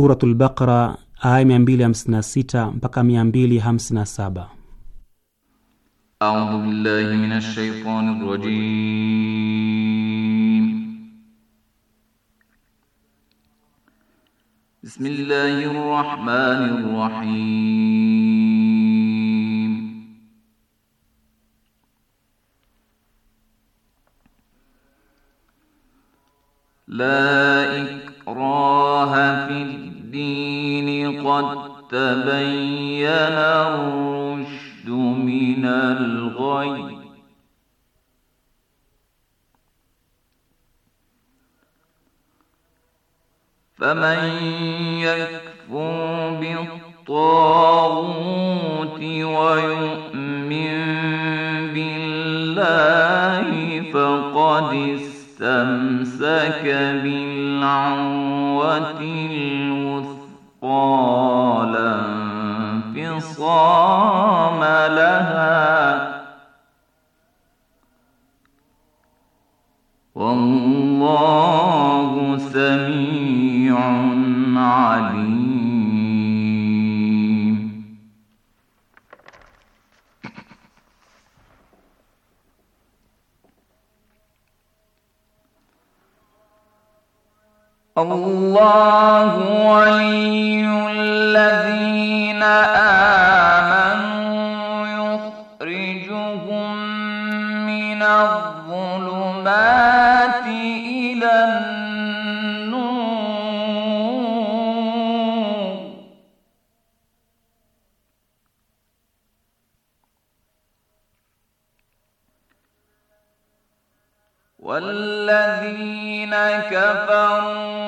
Suratul Baqara aya sita mpaka 257. A'udhu billahi minash shaitani rajim فمن يكفر بالطاغوت ويؤمن بالله فقد استمسك بالعروة الوثقى لا انفصام لها والله عليم الله ولي الذين آمنوا والذين كفروا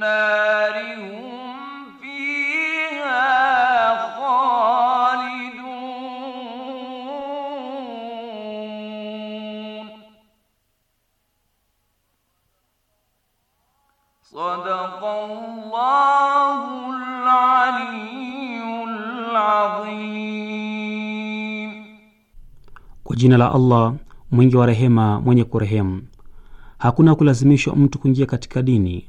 Kwa jina la Allah mwingi wa rehema mwenye kurehemu. Hakuna kulazimishwa mtu kuingia katika dini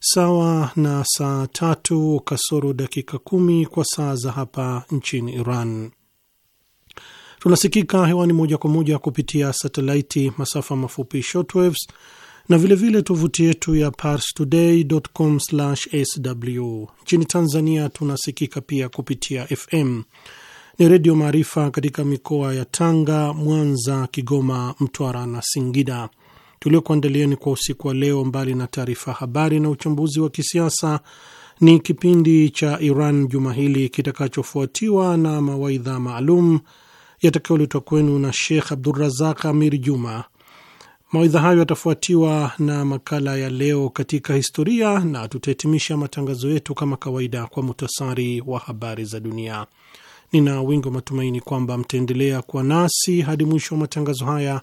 sawa na saa tatu kasoro dakika kumi kwa saa za hapa nchini Iran. Tunasikika hewani moja kwa moja kupitia satelaiti, masafa mafupi shortwaves na vilevile tovuti yetu ya parstoday.com/sw. Nchini Tanzania tunasikika pia kupitia FM ni Redio Maarifa katika mikoa ya Tanga, Mwanza, Kigoma, Mtwara na Singida tuliokuandalieni kwa usiku wa leo, mbali na taarifa habari na uchambuzi wa kisiasa, ni kipindi cha Iran juma hili kitakachofuatiwa na mawaidha maalum yatakayoletwa kwenu na Sheikh Abdurazak Amir Juma. Mawaidha hayo yatafuatiwa na makala ya leo katika historia na tutahitimisha matangazo yetu kama kawaida kwa muhtasari wa habari za dunia. Nina wingi wa matumaini kwamba mtaendelea kuwa nasi hadi mwisho wa matangazo haya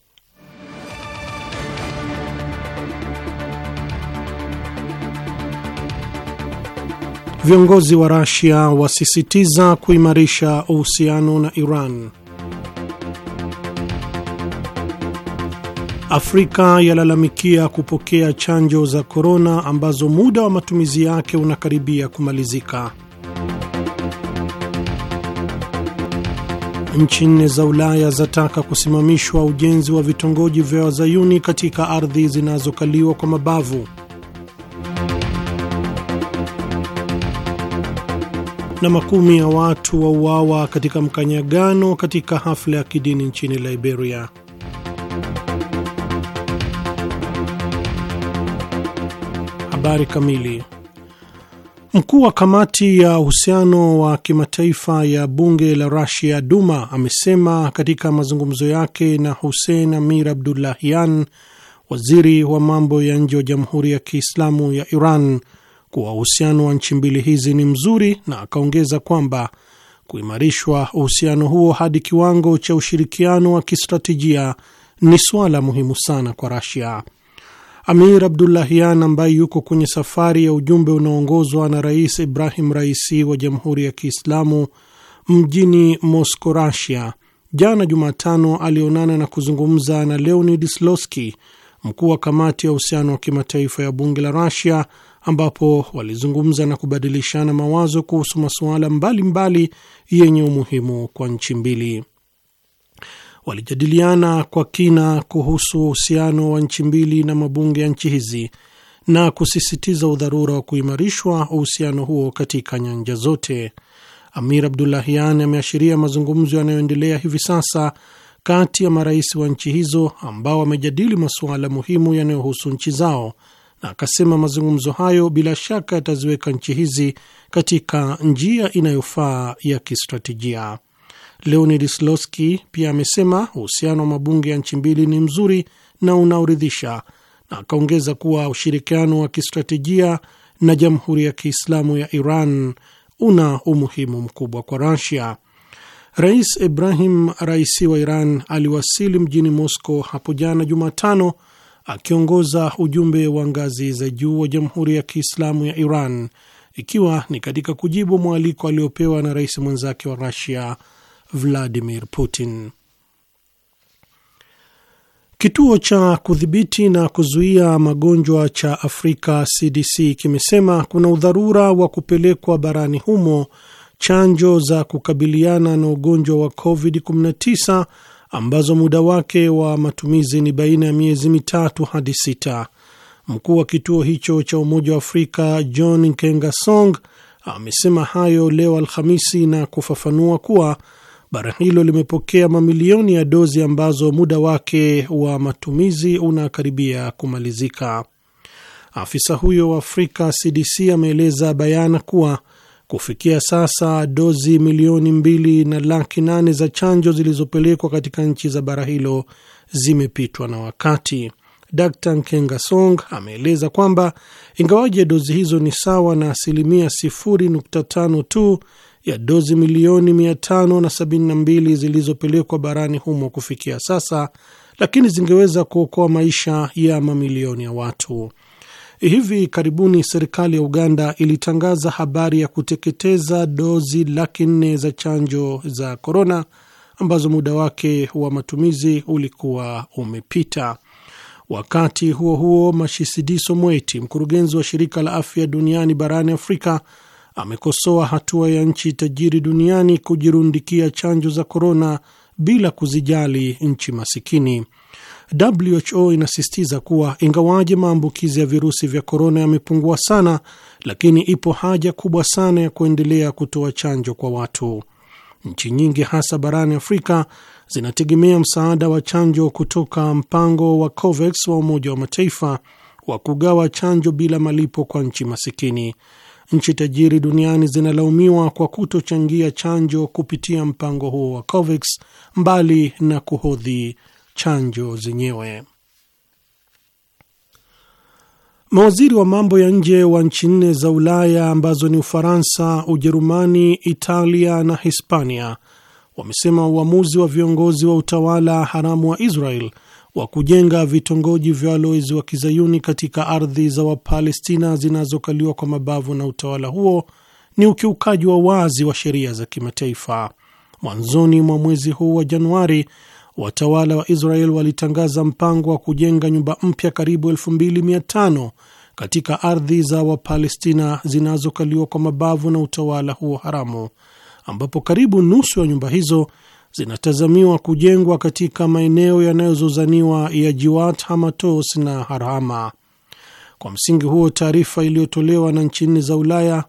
Viongozi wa Rasia wasisitiza kuimarisha uhusiano na Iran. Afrika yalalamikia kupokea chanjo za korona ambazo muda wa matumizi yake unakaribia kumalizika. Nchi nne za Ulaya zataka kusimamishwa ujenzi wa vitongoji vya wazayuni katika ardhi zinazokaliwa kwa mabavu. na makumi ya watu wauawa katika mkanyagano katika hafla ya kidini nchini Liberia. Habari kamili. Mkuu wa kamati ya uhusiano wa kimataifa ya bunge la rusia Duma amesema katika mazungumzo yake na Hussein Amir Abdullahian, waziri wa mambo ya nje wa Jamhuri ya Kiislamu ya Iran kuwa uhusiano wa nchi mbili hizi ni mzuri, na akaongeza kwamba kuimarishwa uhusiano huo hadi kiwango cha ushirikiano wa kistratejia ni suala muhimu sana kwa Rasia. Amir Abdullahian ambaye yuko kwenye safari ya ujumbe unaoongozwa na Rais Ibrahim Raisi wa Jamhuri ya Kiislamu mjini mosco Rasia, jana Jumatano alionana na kuzungumza na Leonid Sloski, mkuu wa kamati ya uhusiano wa kimataifa ya bunge la Rasia ambapo walizungumza na kubadilishana mawazo kuhusu masuala mbalimbali yenye umuhimu kwa nchi mbili. Walijadiliana kwa kina kuhusu uhusiano wa nchi mbili na mabunge ya nchi hizi na kusisitiza udharura wa kuimarishwa uhusiano huo katika nyanja zote. Amir Abdullahian ameashiria mazungumzo yanayoendelea hivi sasa kati ya marais wa nchi hizo ambao wamejadili masuala muhimu yanayohusu nchi zao na akasema mazungumzo hayo bila shaka yataziweka nchi hizi katika njia inayofaa ya kistratejia. Leonid slowski pia amesema uhusiano wa mabunge ya nchi mbili ni mzuri na unaoridhisha, na akaongeza kuwa ushirikiano wa kistratejia na Jamhuri ya Kiislamu ya Iran una umuhimu mkubwa kwa Rasia. Rais Ibrahim Raisi wa Iran aliwasili mjini Moscow hapo jana Jumatano akiongoza ujumbe wa ngazi za juu wa Jamhuri ya Kiislamu ya Iran, ikiwa ni katika kujibu mwaliko aliopewa na rais mwenzake wa rusia Vladimir Putin. Kituo cha kudhibiti na kuzuia magonjwa cha Afrika CDC kimesema kuna udharura wa kupelekwa barani humo chanjo za kukabiliana na ugonjwa wa COVID-19 ambazo muda wake wa matumizi ni baina ya miezi mitatu hadi sita. Mkuu wa kituo hicho cha Umoja wa Afrika John Nkengasong amesema hayo leo Alhamisi na kufafanua kuwa bara hilo limepokea mamilioni ya dozi ambazo muda wake wa matumizi unakaribia kumalizika. Afisa huyo wa Afrika CDC ameeleza bayana kuwa Kufikia sasa dozi milioni mbili na laki nane za chanjo zilizopelekwa katika nchi za bara hilo zimepitwa na wakati. d Nkenga Song ameeleza kwamba ingawaje dozi hizo ni sawa na asilimia 0.5 tu ya dozi milioni 572 zilizopelekwa barani humo kufikia sasa, lakini zingeweza kuokoa maisha ya mamilioni ya watu. Hivi karibuni serikali ya Uganda ilitangaza habari ya kuteketeza dozi laki nne za chanjo za korona ambazo muda wake wa matumizi ulikuwa umepita. Wakati huo huo, mashisidiso mweti mkurugenzi wa shirika la afya duniani barani Afrika, amekosoa hatua ya nchi tajiri duniani kujirundikia chanjo za korona bila kuzijali nchi masikini. WHO inasisitiza kuwa ingawaje maambukizi ya virusi vya korona yamepungua sana, lakini ipo haja kubwa sana ya kuendelea kutoa chanjo kwa watu. Nchi nyingi hasa barani Afrika zinategemea msaada wa chanjo kutoka mpango wa COVAX wa Umoja wa Mataifa wa kugawa chanjo bila malipo kwa nchi masikini. Nchi tajiri duniani zinalaumiwa kwa kutochangia chanjo kupitia mpango huo wa COVAX mbali na kuhodhi chanjo zenyewe. Mawaziri wa mambo ya nje wa nchi nne za Ulaya ambazo ni Ufaransa, Ujerumani, Italia na Hispania wamesema uamuzi wa viongozi wa utawala haramu wa Israel wa kujenga vitongoji vya walowezi wa kizayuni katika ardhi za Wapalestina zinazokaliwa kwa mabavu na utawala huo ni ukiukaji wa wazi wa sheria za kimataifa. Mwanzoni mwa mwezi huu wa Januari, watawala wa Israel walitangaza mpango wa kujenga nyumba mpya karibu 25 katika ardhi za Wapalestina zinazokaliwa kwa mabavu na utawala huo haramu, ambapo karibu nusu ya nyumba hizo zinatazamiwa kujengwa katika maeneo yanayozozaniwa ya Jiwat Hamatos na Harhama. Kwa msingi huo, taarifa iliyotolewa na nchi nne za Ulaya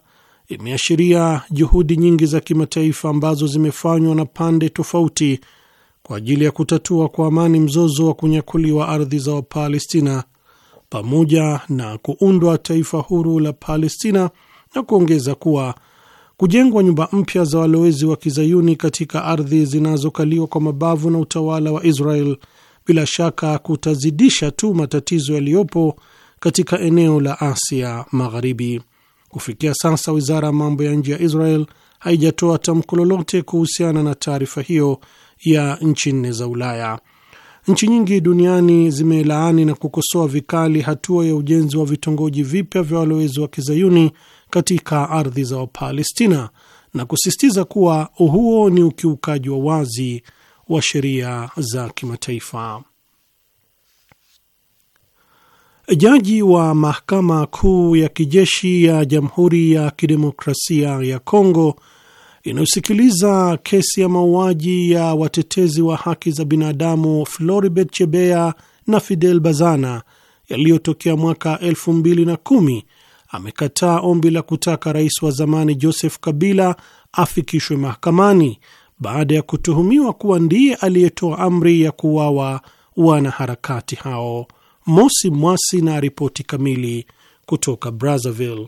imeashiria juhudi nyingi za kimataifa ambazo zimefanywa na pande tofauti kwa ajili ya kutatua kwa amani mzozo wa kunyakuliwa ardhi za Wapalestina pamoja na kuundwa taifa huru la Palestina, na kuongeza kuwa kujengwa nyumba mpya za walowezi wa kizayuni katika ardhi zinazokaliwa kwa mabavu na utawala wa Israel bila shaka kutazidisha tu matatizo yaliyopo katika eneo la Asia Magharibi. Kufikia sasa, wizara ya mambo ya nje ya Israel haijatoa tamko lolote kuhusiana na taarifa hiyo ya nchi nne za Ulaya. Nchi nyingi duniani zimelaani na kukosoa vikali hatua ya ujenzi wa vitongoji vipya vya walowezi wa kizayuni katika ardhi za Wapalestina na kusisitiza kuwa huo ni ukiukaji wa wazi wa sheria za kimataifa. Jaji wa mahakama kuu ya kijeshi ya Jamhuri ya Kidemokrasia ya Kongo inayosikiliza kesi ya mauaji ya watetezi wa haki za binadamu Floribert chebea na Fidel Bazana yaliyotokea mwaka 2010 amekataa ombi la kutaka rais wa zamani Joseph Kabila afikishwe mahakamani baada ya kutuhumiwa kuwa ndiye aliyetoa amri ya kuwawa wanaharakati hao. Mosi Mwasi na ripoti kamili kutoka Brazzaville.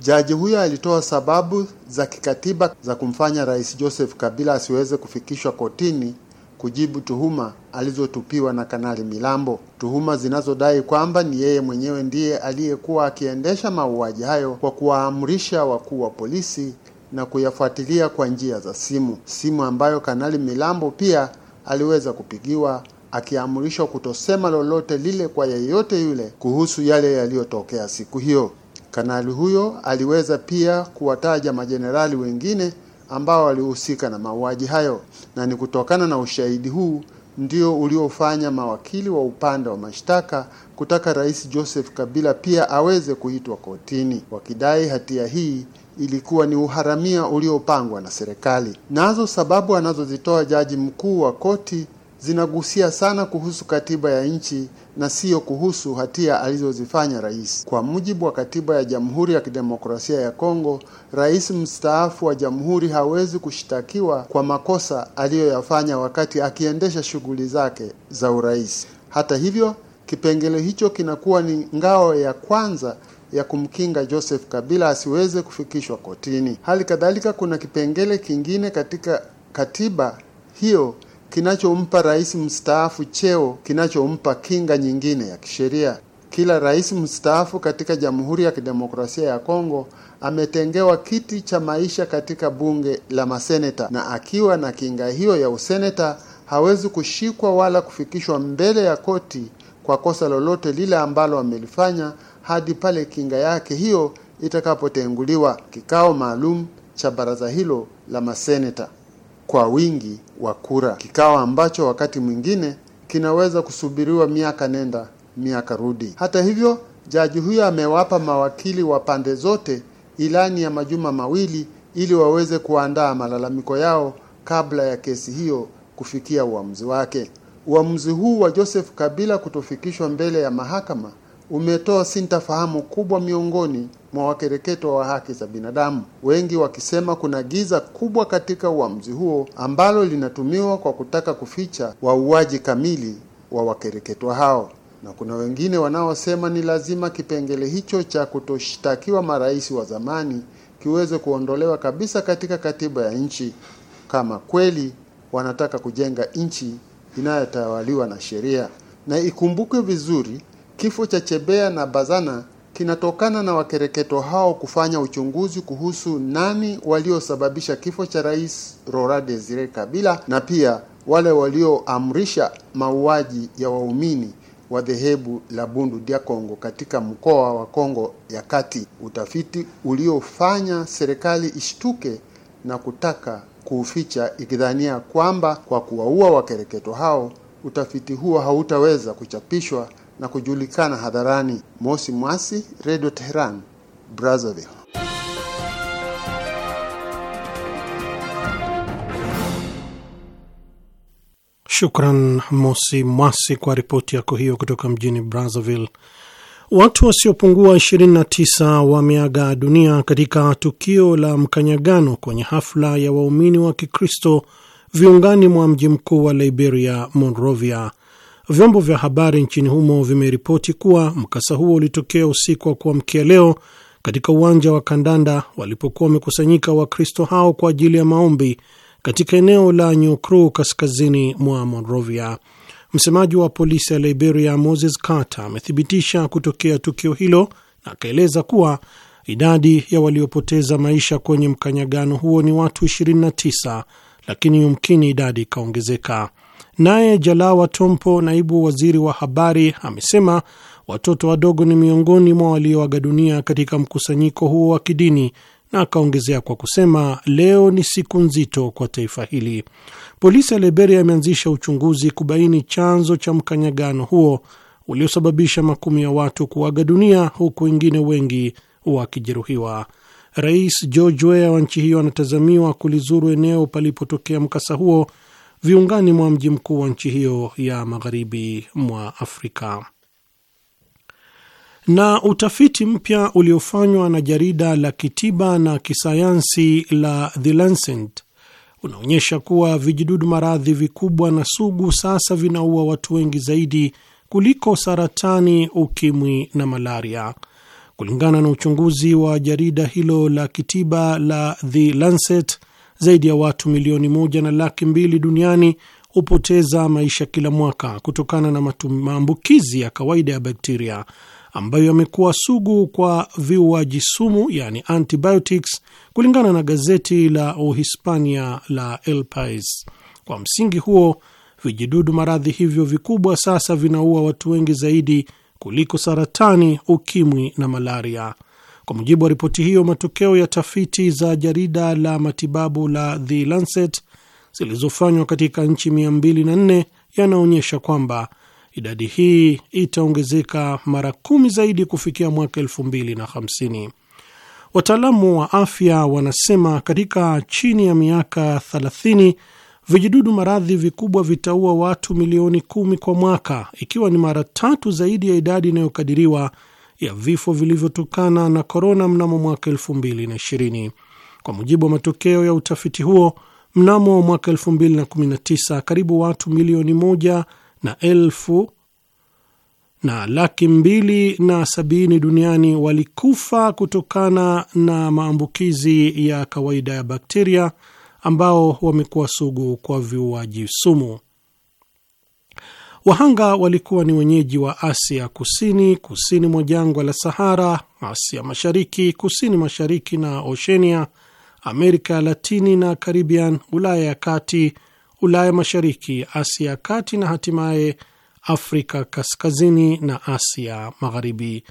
Jaji huyo alitoa sababu za kikatiba za kumfanya Rais Joseph Kabila asiweze kufikishwa kotini kujibu tuhuma alizotupiwa na Kanali Milambo, tuhuma zinazodai kwamba ni yeye mwenyewe ndiye aliyekuwa akiendesha mauaji hayo kwa kuwaamrisha wakuu wa polisi na kuyafuatilia kwa njia za simu, simu ambayo Kanali Milambo pia aliweza kupigiwa akiamrishwa kutosema lolote lile kwa yeyote yule kuhusu yale yaliyotokea siku hiyo. Kanali huyo aliweza pia kuwataja majenerali wengine ambao walihusika na mauaji hayo, na ni kutokana na ushahidi huu ndio uliofanya mawakili wa upande wa mashtaka kutaka Rais Joseph Kabila pia aweze kuitwa kotini, wakidai hatia hii ilikuwa ni uharamia uliopangwa na serikali. Nazo sababu anazozitoa jaji mkuu wa koti zinagusia sana kuhusu katiba ya nchi na siyo kuhusu hatia alizozifanya rais. Kwa mujibu wa katiba ya Jamhuri ya Kidemokrasia ya Kongo, rais mstaafu wa jamhuri hawezi kushtakiwa kwa makosa aliyoyafanya wakati akiendesha shughuli zake za urais. Hata hivyo, kipengele hicho kinakuwa ni ngao ya kwanza ya kumkinga Joseph Kabila asiweze kufikishwa kotini. Hali kadhalika kuna kipengele kingine katika katiba hiyo kinachompa rais mstaafu cheo kinachompa kinga nyingine ya kisheria. Kila rais mstaafu katika Jamhuri ya Kidemokrasia ya Kongo ametengewa kiti cha maisha katika bunge la maseneta, na akiwa na kinga hiyo ya useneta hawezi kushikwa wala kufikishwa mbele ya koti kwa kosa lolote lile ambalo amelifanya hadi pale kinga yake hiyo itakapotenguliwa kikao maalum cha baraza hilo la maseneta kwa wingi wa kura, kikao ambacho wakati mwingine kinaweza kusubiriwa miaka nenda miaka rudi. Hata hivyo, jaji huyo amewapa mawakili wa pande zote ilani ya majuma mawili ili waweze kuandaa malalamiko yao kabla ya kesi hiyo kufikia uamuzi wake. Uamuzi huu wa Joseph Kabila kutofikishwa mbele ya mahakama umetoa sintafahamu kubwa miongoni mwa wakereketo wa haki za binadamu, wengi wakisema kuna giza kubwa katika uamuzi huo ambalo linatumiwa kwa kutaka kuficha wauaji kamili wa wakereketwa hao na kuna wengine wanaosema ni lazima kipengele hicho cha kutoshtakiwa marais wa zamani kiweze kuondolewa kabisa katika katiba ya nchi, kama kweli wanataka kujenga nchi inayotawaliwa na sheria. Na ikumbukwe vizuri Kifo cha Chebea na Bazana kinatokana na wakereketo hao kufanya uchunguzi kuhusu nani waliosababisha kifo cha Rais Rora Desire Kabila na pia wale walioamrisha mauaji ya waumini wa dhehebu la Bundu dia Kongo katika mkoa wa Kongo ya Kati, utafiti uliofanya serikali ishtuke na kutaka kuuficha ikidhania kwamba kwa kuwaua wakereketo hao utafiti huo hautaweza kuchapishwa na kujulikana hadharani. Mosi Mwasi, Radio Teheran, Brazzaville. Shukran Mosi Mwasi kwa ripoti yako hiyo kutoka mjini Brazzaville. Watu wasiopungua 29 wameaga dunia katika tukio la mkanyagano kwenye hafla ya waumini wa Kikristo viungani mwa mji mkuu wa Liberia, Monrovia, Vyombo vya habari nchini humo vimeripoti kuwa mkasa huo ulitokea usiku wa kuamkia leo katika uwanja wa kandanda walipokuwa wamekusanyika Wakristo hao kwa ajili ya maombi katika eneo la Nyukru kaskazini mwa Monrovia. Msemaji wa polisi ya Liberia Moses Carter amethibitisha kutokea tukio hilo na akaeleza kuwa idadi ya waliopoteza maisha kwenye mkanyagano huo ni watu 29 lakini yumkini idadi ikaongezeka. Naye Jalawa Tompo, naibu waziri wa habari, amesema watoto wadogo ni miongoni mwa walioaga dunia katika mkusanyiko huo wa kidini, na akaongezea kwa kusema leo ni siku nzito kwa taifa hili. Polisi ya Liberia imeanzisha uchunguzi kubaini chanzo cha mkanyagano huo uliosababisha makumi ya watu kuaga dunia huku wengine wengi wakijeruhiwa. Rais George Weah wa nchi hiyo anatazamiwa kulizuru eneo palipotokea mkasa huo viungani mwa mji mkuu wa nchi hiyo ya magharibi mwa Afrika. Na utafiti mpya uliofanywa na jarida la kitiba na kisayansi la The Lancet unaonyesha kuwa vijidudu maradhi vikubwa na sugu sasa vinaua watu wengi zaidi kuliko saratani, ukimwi na malaria. Kulingana na uchunguzi wa jarida hilo la kitiba la The Lancet, zaidi ya watu milioni moja na laki mbili duniani hupoteza maisha kila mwaka kutokana na maambukizi ya kawaida ya bakteria ambayo yamekuwa sugu kwa viuaji sumu, yani antibiotics, kulingana na gazeti la Uhispania la El Pais. Kwa msingi huo, vijidudu maradhi hivyo vikubwa sasa vinaua watu wengi zaidi kuliko saratani, ukimwi na malaria. Kwa mujibu wa ripoti hiyo, matokeo ya tafiti za jarida la matibabu la The Lancet zilizofanywa katika nchi 204 yanaonyesha kwamba idadi hii itaongezeka mara kumi zaidi kufikia mwaka 2050. Wataalamu wa afya wanasema katika chini ya miaka 30 Vijidudu maradhi vikubwa vitaua watu milioni kumi kwa mwaka, ikiwa ni mara tatu zaidi ya idadi inayokadiriwa ya vifo vilivyotokana na korona mnamo mwaka ishirini Kwa mujibu wa matokeo ya utafiti huo, mnamo mwaka tisa karibu watu milioni moja na elfu na laki mbili na sabini duniani walikufa kutokana na maambukizi ya kawaida ya bakteria ambao wamekuwa sugu kwa viuaji sumu. Wahanga walikuwa ni wenyeji wa Asia Kusini, kusini mwa jangwa la Sahara, Asia Mashariki, kusini mashariki na Oshenia, Amerika ya Latini na Karibian, Ulaya ya Kati, Ulaya Mashariki, Asia ya Kati na hatimaye Afrika Kaskazini na Asia Magharibi.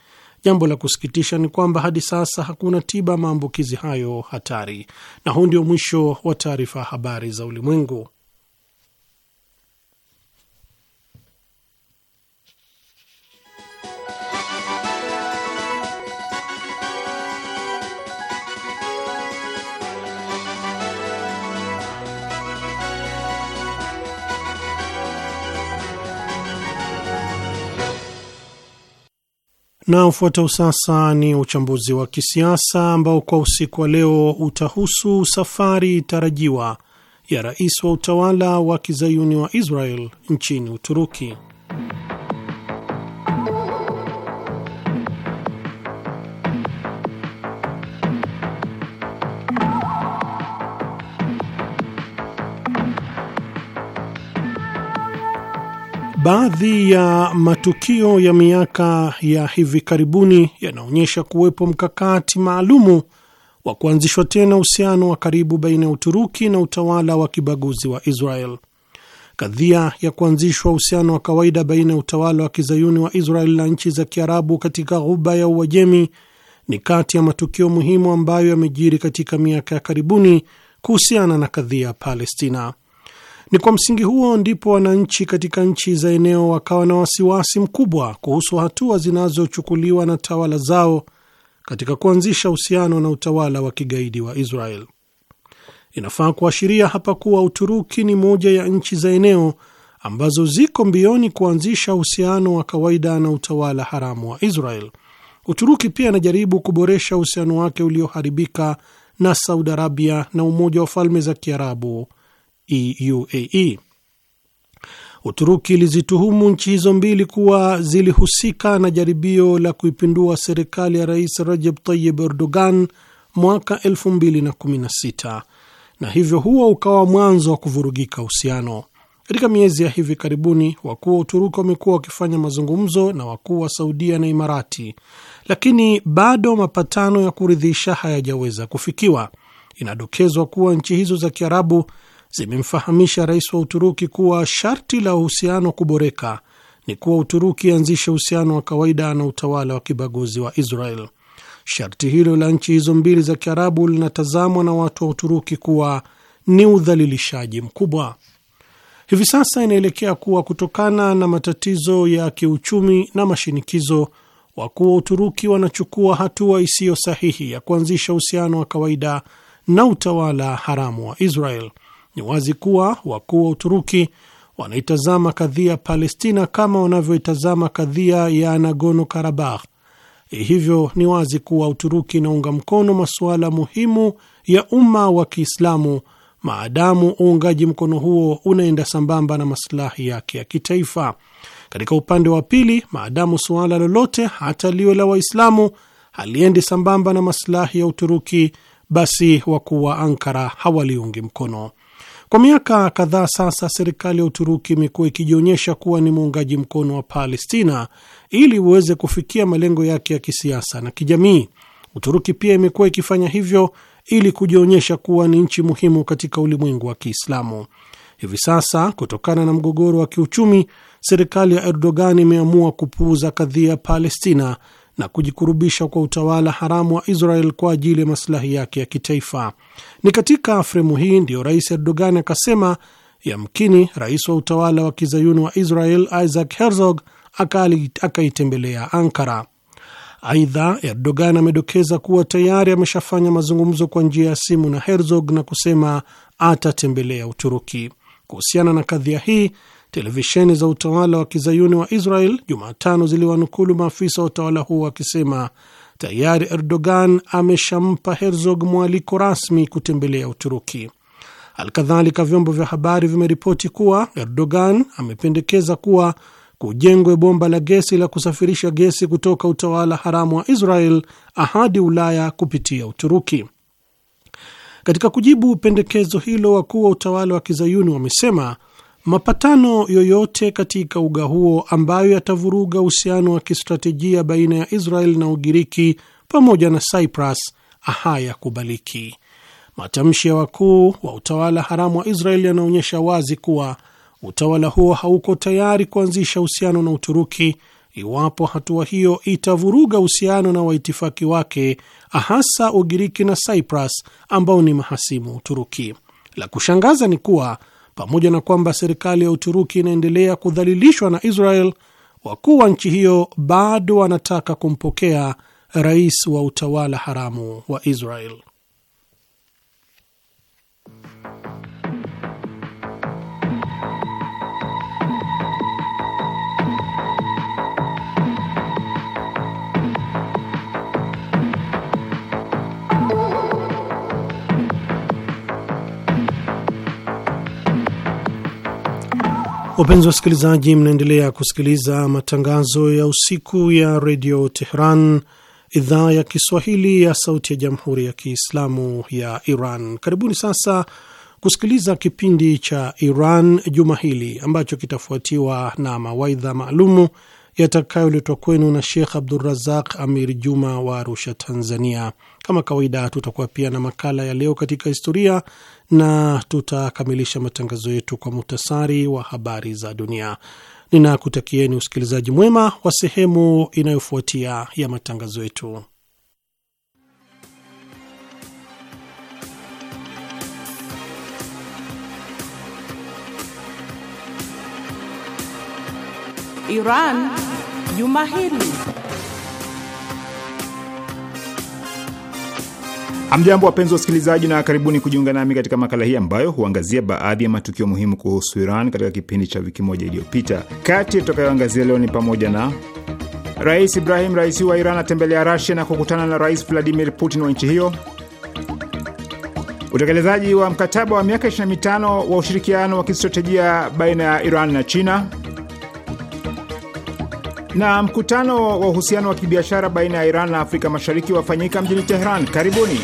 Jambo la kusikitisha ni kwamba hadi sasa hakuna tiba maambukizi hayo hatari. Na huu ndio mwisho wa taarifa habari za ulimwengu. Na ufuatao sasa ni uchambuzi wa kisiasa ambao kwa usiku wa leo utahusu safari tarajiwa ya rais wa utawala wa kizayuni wa Israel nchini Uturuki. Baadhi ya matukio ya miaka ya hivi karibuni yanaonyesha kuwepo mkakati maalumu wa kuanzishwa tena uhusiano wa karibu baina ya Uturuki na utawala wa kibaguzi wa Israel. Kadhia ya kuanzishwa uhusiano wa kawaida baina ya utawala wa kizayuni wa Israel na nchi za Kiarabu katika ghuba ya Uajemi ni kati ya matukio muhimu ambayo yamejiri katika miaka ya karibuni kuhusiana na kadhia ya Palestina. Ni kwa msingi huo ndipo wananchi katika nchi za eneo wakawa na wasiwasi mkubwa kuhusu hatua zinazochukuliwa na tawala zao katika kuanzisha uhusiano na utawala wa kigaidi wa Israel. Inafaa kuashiria hapa kuwa Uturuki ni moja ya nchi za eneo ambazo ziko mbioni kuanzisha uhusiano wa kawaida na utawala haramu wa Israel. Uturuki pia anajaribu kuboresha uhusiano wake ulioharibika na Saudi Arabia na Umoja wa Falme za Kiarabu EUAE. Uturuki ilizituhumu nchi hizo mbili kuwa zilihusika na jaribio la kuipindua serikali ya Rais Recep Tayyip Erdogan mwaka 2016 na hivyo huo ukawa mwanzo wa kuvurugika uhusiano. Katika miezi ya hivi karibuni, wakuu wa Uturuki wamekuwa wakifanya mazungumzo na wakuu wa Saudia na Imarati, lakini bado mapatano ya kuridhisha hayajaweza kufikiwa. Inadokezwa kuwa nchi hizo za Kiarabu zimemfahamisha rais wa Uturuki kuwa sharti la uhusiano kuboreka ni kuwa Uturuki anzishe uhusiano wa kawaida na utawala wa kibaguzi wa Israel. Sharti hilo la nchi hizo mbili za Kiarabu linatazamwa na watu wa Uturuki kuwa ni udhalilishaji mkubwa. Hivi sasa inaelekea kuwa kutokana na matatizo ya kiuchumi na mashinikizo, wakuu wa Uturuki wanachukua hatua isiyo sahihi ya kuanzisha uhusiano wa kawaida na utawala haramu wa Israel. Ni wazi kuwa wakuu wa Uturuki wanaitazama kadhia ya Palestina kama wanavyoitazama kadhia ya Nagorno Karabakh. Eh, hivyo ni wazi kuwa Uturuki inaunga mkono masuala muhimu ya umma wa Kiislamu maadamu uungaji mkono huo unaenda sambamba na masilahi yake ya kitaifa. Katika upande wa pili, maadamu suala lolote hata liwe la Waislamu haliendi sambamba na masilahi ya Uturuki, basi wakuu wa Ankara hawaliungi mkono. Kwa miaka kadhaa sasa, serikali ya Uturuki imekuwa ikijionyesha kuwa ni muungaji mkono wa Palestina ili uweze kufikia malengo yake ya kisiasa na kijamii. Uturuki pia imekuwa ikifanya hivyo ili kujionyesha kuwa ni nchi muhimu katika ulimwengu wa Kiislamu. Hivi sasa, kutokana na mgogoro wa kiuchumi, serikali ya Erdogan imeamua kupuuza kadhia Palestina na kujikurubisha kwa utawala haramu wa Israel kwa ajili ya masilahi yake ya kitaifa. Ni katika fremu hii ndiyo Rais Erdogan akasema yamkini rais wa utawala wa kizayuni wa Israel Isaac Herzog akaitembelea Ankara. Aidha, Erdogan amedokeza kuwa tayari ameshafanya mazungumzo kwa njia ya simu na Herzog na kusema atatembelea Uturuki. Kuhusiana na kadhia hii, Televisheni za utawala wa kizayuni wa Israel Jumatano ziliwanukulu maafisa wa utawala huo wakisema tayari Erdogan ameshampa Herzog mwaliko rasmi kutembelea Uturuki. Alkadhalika, vyombo vya habari vimeripoti kuwa Erdogan amependekeza kuwa kujengwe bomba la gesi la kusafirisha gesi kutoka utawala haramu wa Israel ahadi Ulaya kupitia Uturuki. Katika kujibu pendekezo hilo, wakuu wa utawala wa kizayuni wamesema Mapatano yoyote katika uga huo ambayo yatavuruga uhusiano wa kistratejia baina ya Israel na Ugiriki pamoja na Cyprus hayakubaliki. Matamshi ya wakuu wa utawala haramu wa Israel yanaonyesha wazi kuwa utawala huo hauko tayari kuanzisha uhusiano na Uturuki iwapo hatua hiyo itavuruga uhusiano na waitifaki wake, hasa Ugiriki na Cyprus ambao ni mahasimu Uturuki. La kushangaza ni kuwa pamoja na kwamba serikali ya Uturuki inaendelea kudhalilishwa na Israel, wakuu wa nchi hiyo bado wanataka kumpokea rais wa utawala haramu wa Israel. Wapenzi wasikilizaji, mnaendelea kusikiliza matangazo ya usiku ya redio Tehran, idhaa ya Kiswahili ya sauti ya jamhuri ya Kiislamu ya Iran. Karibuni sasa kusikiliza kipindi cha Iran juma hili ambacho kitafuatiwa na mawaidha maalumu yatakayoletwa kwenu na Shekh Abdurazaq Amir Juma wa Arusha, Tanzania. Kama kawaida, tutakuwa pia na makala ya leo katika historia na tutakamilisha matangazo yetu kwa muhtasari wa habari za dunia. Ninakutakieni usikilizaji mwema wa sehemu inayofuatia ya matangazo yetu. Iran Juma hili Amjambo, wapenzi wa usikilizaji, na karibuni kujiunga nami katika makala hii ambayo huangazia baadhi ya matukio muhimu kuhusu Iran katika kipindi cha wiki moja iliyopita. Kati tutakayoangazia leo ni pamoja na Rais Ibrahim Raisi wa Iran atembelea Rasia na kukutana na Rais Vladimir Putin wa nchi hiyo, utekelezaji wa mkataba wa miaka 25 wa ushirikiano wa kistratejia baina ya Iran na China, na mkutano wa uhusiano wa kibiashara baina ya Iran na Afrika Mashariki wafanyika mjini Tehran. Karibuni.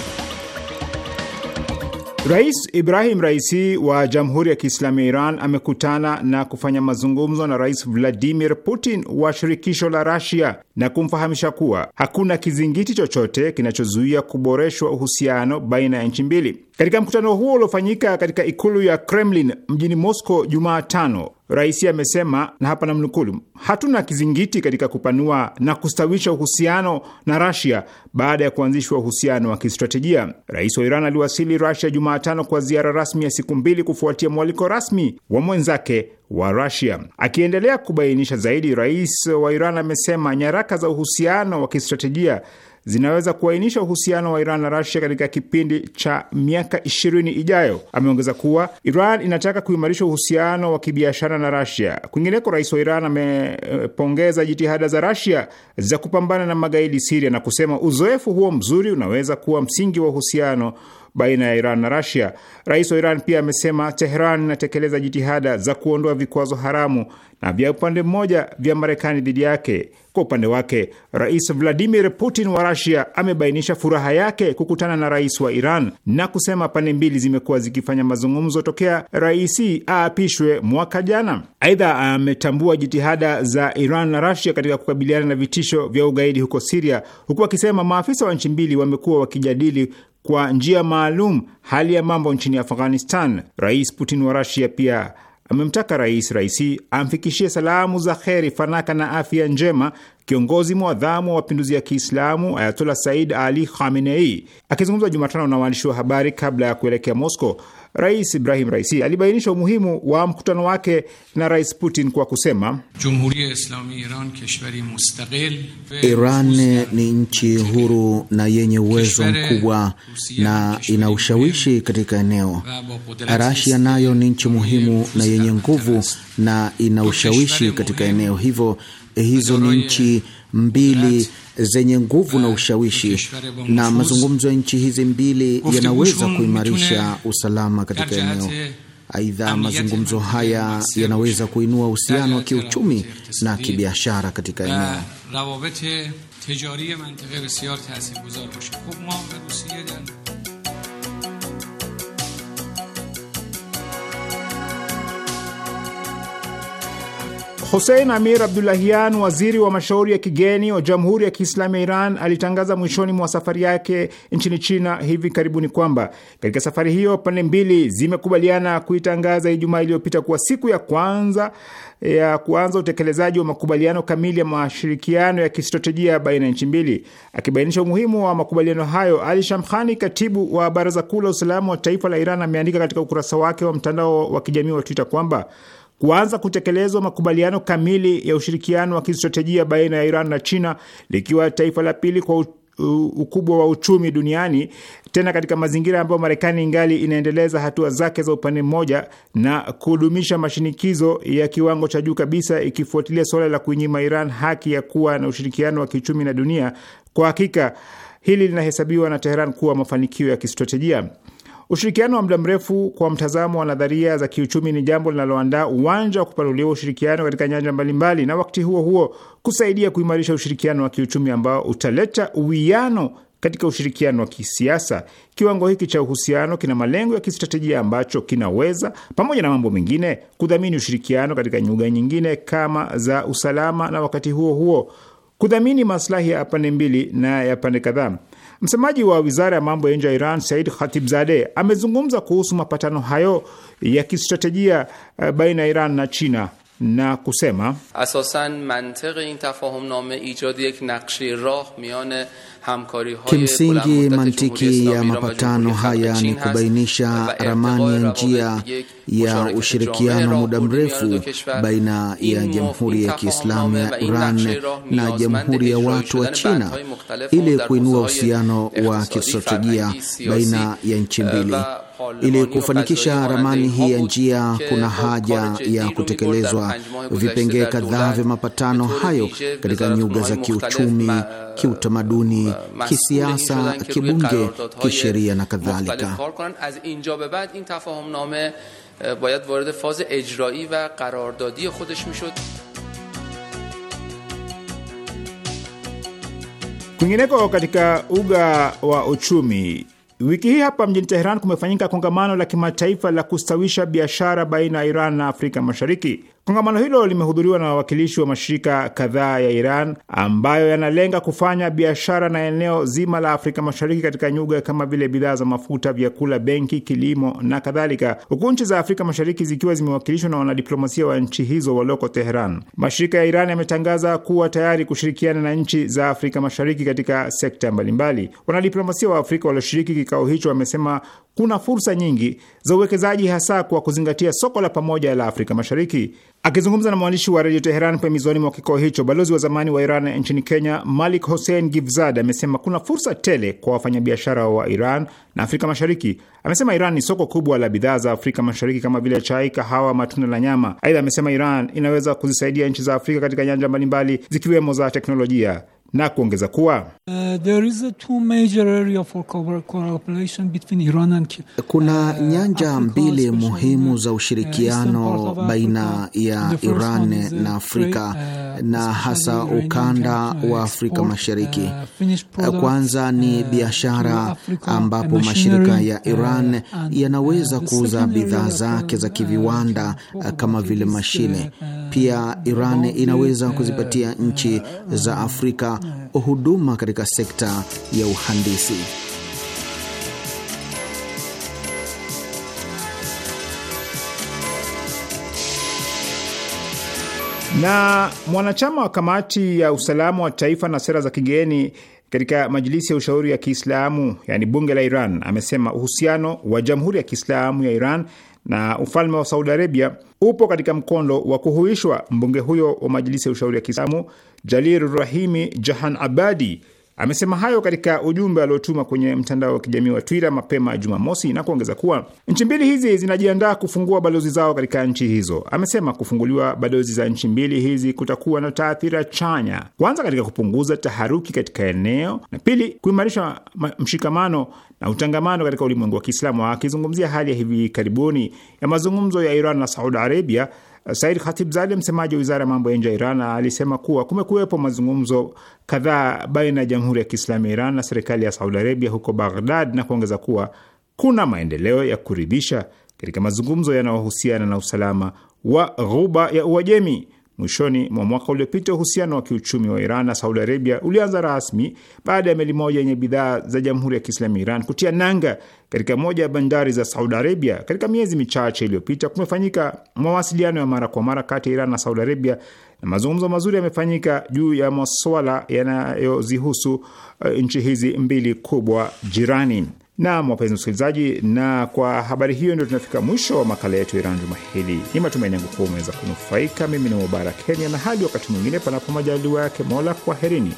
Rais Ibrahim Raisi wa Jamhuri ya Kiislamu ya Iran amekutana na kufanya mazungumzo na Rais Vladimir Putin wa Shirikisho la Rasia na kumfahamisha kuwa hakuna kizingiti chochote kinachozuia kuboreshwa uhusiano baina ya nchi mbili. Katika mkutano huo uliofanyika katika ikulu ya Kremlin mjini Moscow Jumatano, rais amesema na hapa namnukulu, hatuna kizingiti katika kupanua na kustawisha uhusiano na Rasia baada ya kuanzishwa uhusiano wa kistratejia. Rais wa Iran aliwasili Rasia Jumatano kwa ziara rasmi ya siku mbili kufuatia mwaliko rasmi wa mwenzake wa Rasia. Akiendelea kubainisha zaidi, rais wa Iran amesema nyaraka za uhusiano wa kistratejia zinaweza kuainisha uhusiano wa Iran na Rasia katika kipindi cha miaka ishirini ijayo. Ameongeza kuwa Iran inataka kuimarisha uhusiano wa kibiashara na Rasia. Kwingineko, rais wa Iran amepongeza jitihada za Rasia za kupambana na magaidi Siria na kusema uzoefu huo mzuri unaweza kuwa msingi wa uhusiano baina ya Iran na Rasia. Rais wa Iran pia amesema Teheran inatekeleza jitihada za kuondoa vikwazo haramu na vya upande mmoja vya Marekani dhidi yake. Kwa upande wake, Rais Vladimir Putin wa Rasia amebainisha furaha yake kukutana na rais wa Iran na kusema pande mbili zimekuwa zikifanya mazungumzo tokea raisi aapishwe mwaka jana. Aidha, ametambua jitihada za Iran na Rasia katika kukabiliana na vitisho vya ugaidi huko Siria, huku akisema maafisa wa nchi mbili wamekuwa wakijadili kwa njia maalum hali ya mambo nchini Afghanistan. Rais Putin wa Rasia pia amemtaka Rais Raisi amfikishie salamu za kheri, fanaka na afya njema kiongozi mwadhamu wa mapinduzi ya Kiislamu Ayatola Said Ali Khamenei. Akizungumza Jumatano na waandishi wa habari kabla ya kuelekea Moscow, Rais Ibrahim Raisi alibainisha umuhimu wa mkutano wake na Rais Putin kwa kusema, Iran ni nchi huru na yenye uwezo mkubwa na ina ushawishi katika eneo. Rasia nayo ni nchi muhimu na yenye nguvu na ina ushawishi katika eneo, hivyo hizo ni nchi mbili zenye nguvu na ushawishi, na mazungumzo ya nchi hizi mbili yanaweza kuimarisha usalama katika eneo. Aidha, mazungumzo haya yanaweza kuinua uhusiano wa kiuchumi na kibiashara katika eneo. Hussein Amir Abdulahian, waziri wa mashauri ya kigeni wa Jamhuri ya Kiislamu ya Iran, alitangaza mwishoni mwa safari yake nchini China hivi karibuni kwamba katika safari hiyo pande mbili zimekubaliana kuitangaza Ijumaa iliyopita kuwa siku ya kwanza eh, ya kuanza utekelezaji wa makubaliano kamili ya mashirikiano ya kistratejia baina ya nchi mbili. Akibainisha umuhimu wa makubaliano hayo, Ali Shamkhani, katibu wa Baraza Kuu la Usalama wa Taifa la Iran, ameandika katika ukurasa wake wa mtandao wa kijamii wa Twitter kwamba kuanza kutekelezwa makubaliano kamili ya ushirikiano wa kistratejia baina ya Iran na China likiwa taifa la pili kwa ukubwa wa uchumi duniani, tena katika mazingira ambayo Marekani ingali inaendeleza hatua zake za upande mmoja na kudumisha mashinikizo ya kiwango cha juu kabisa, ikifuatilia suala la kuinyima Iran haki ya kuwa na ushirikiano wa kiuchumi na dunia. Kwa hakika hili linahesabiwa na Teheran kuwa mafanikio ya kistratejia. Ushirikiano wa muda mrefu kwa mtazamo wa nadharia za kiuchumi ni jambo linaloandaa uwanja wa kupanuliwa ushirikiano katika nyanja mbalimbali, na wakati huo huo kusaidia kuimarisha ushirikiano wa kiuchumi ambao utaleta uwiano katika ushirikiano wa kisiasa. Kiwango hiki cha uhusiano kina malengo ya kistratejia ambacho kinaweza, pamoja na mambo mengine, kudhamini ushirikiano katika nyuga nyingine kama za usalama, na wakati huo huo kudhamini maslahi ya pande mbili na ya pande kadhaa. Msemaji wa wizara ya mambo ya nje ya Iran, Said zade amezungumza kuhusu mapatano hayo ya kistratejia eh, baina ya Iran na China na kusema asasan mantiqi in tafahumnome ijad yak naqshe rah miyane Kimsingi, mantiki ya mapatano haya ni kubainisha ramani ya njia ya ushirikiano muda mrefu baina ya Jamhuri ya Kiislamu ya Iran na Jamhuri ya Watu wa China ili kuinua uhusiano wa kistratejia baina ya nchi mbili. Ili kufanikisha ramani hii ya njia, kuna haja ya kutekelezwa vipengee kadhaa vya mapatano hayo katika nyuga za kiuchumi kiutamaduni, kisiasa, kibunge, kisheria na kadhalika. باید وارد فاز اجرایی و قراردادی خودش میشد Kwingineko katika uga wa uchumi, wiki hii hapa mjini Teheran kumefanyika kongamano la kimataifa la kustawisha biashara baina ya Iran na Afrika Mashariki. Kongamano hilo limehudhuriwa na wawakilishi wa mashirika kadhaa ya Iran ambayo yanalenga kufanya biashara na eneo zima la Afrika Mashariki katika nyuga kama vile bidhaa za mafuta, vyakula, benki, kilimo na kadhalika, huku nchi za Afrika Mashariki zikiwa zimewakilishwa na wanadiplomasia wa nchi hizo walioko Teheran. Mashirika ya Iran yametangaza kuwa tayari kushirikiana na nchi za Afrika Mashariki katika sekta mbalimbali. Wanadiplomasia wa Afrika walioshiriki kikao hicho wamesema kuna fursa nyingi za uwekezaji, hasa kwa kuzingatia soko la pamoja la Afrika Mashariki. Akizungumza na mwandishi wa redio Teheran pembezoni mwa kikao hicho, balozi wa zamani wa Iran nchini Kenya Malik Hussein Givzad amesema kuna fursa tele kwa wafanyabiashara wa Iran na Afrika Mashariki. Amesema Iran ni soko kubwa la bidhaa za Afrika Mashariki kama vile chai, kahawa, matunda na nyama. Aidha amesema Iran inaweza kuzisaidia nchi za Afrika katika nyanja mbalimbali zikiwemo za teknolojia na kuongeza kuwa uh, kuna uh, nyanja mbili muhimu uh, za ushirikiano baina ya Iran na Afrika na hasa ukanda wa Afrika Mashariki. Kwanza ni biashara, ambapo mashirika ya Iran yanaweza kuuza bidhaa zake za kiviwanda kama vile mashine. Pia Iran inaweza kuzipatia nchi za Afrika huduma katika sekta ya uhandisi. Na mwanachama wa kamati ya usalama wa taifa na sera za kigeni katika majilisi ya ushauri ya Kiislamu, yani bunge la Iran, amesema uhusiano wa Jamhuri ya Kiislamu ya Iran na ufalme wa Saudi Arabia upo katika mkondo wa kuhuishwa. Mbunge huyo wa Majilisi ya Ushauri ya Kiislamu Jalil Rahimi Jahan Abadi Amesema hayo katika ujumbe aliotuma kwenye mtandao wa kijamii wa Twitter mapema Jumamosi na kuongeza kuwa nchi mbili hizi zinajiandaa kufungua balozi zao katika nchi hizo. Amesema kufunguliwa balozi za nchi mbili hizi kutakuwa na taathira chanya, kwanza katika kupunguza taharuki katika eneo na pili, kuimarisha mshikamano na utangamano katika ulimwengu wa Kiislamu. Akizungumzia hali ya hivi karibuni ya mazungumzo ya Iran na Saudi Arabia Uh, Said Khatibzadeh, msemaji wa wizara ya mambo ya nje ya Iran, alisema kuwa kumekuwepo mazungumzo kadhaa baina ya Jamhuri ya Kiislamu ya Iran na serikali ya Saudi Arabia huko Baghdad, na kuongeza kuwa kuna maendeleo ya kuridhisha katika mazungumzo yanayohusiana na usalama wa Ghuba ya Uajemi. Mwishoni mwa mwaka uliopita uhusiano wa kiuchumi wa Iran na Saudi Arabia ulianza rasmi baada ya meli moja yenye bidhaa za Jamhuri ya Kiislamu ya Iran kutia nanga katika moja ya bandari za Saudi Arabia. Katika miezi michache iliyopita, kumefanyika mawasiliano ya mara kwa mara kati ya Iran na Saudi Arabia na mazungumzo mazuri yamefanyika juu ya maswala yanayozihusu uh, nchi hizi mbili kubwa jirani. Naam, wapenzi msikilizaji, na kwa habari hiyo ndio tunafika mwisho wa makala yetu ya Iran juma hili. Ni matumaini yangu kuwa umeweza kunufaika. Mimi ni Mubarak Kenya, na hadi wakati mwingine, panapo majaliwa yake Mola, kwaherini.